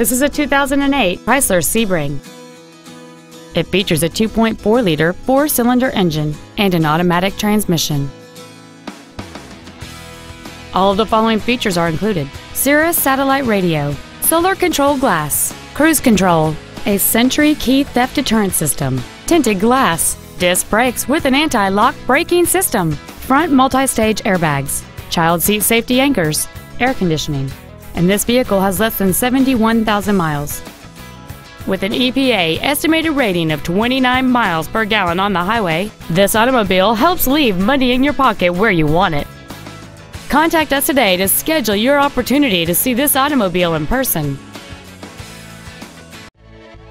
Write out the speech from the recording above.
This is a 2008 Chrysler Sebring. It features a 2.4 liter four cylinder engine and an automatic transmission. All of the following features are included Sirius satellite radio, solar control glass, cruise control, a Sentry key theft deterrent system, tinted glass, disc brakes with an anti lock braking system, front multi stage airbags, child seat safety anchors, air conditioning, and this vehicle has less than 71,000 miles. With an EPA estimated rating of 29 miles per gallon on the highway, this automobile helps leave money in your pocket where you want it. Contact us today to schedule your opportunity to see this automobile in person.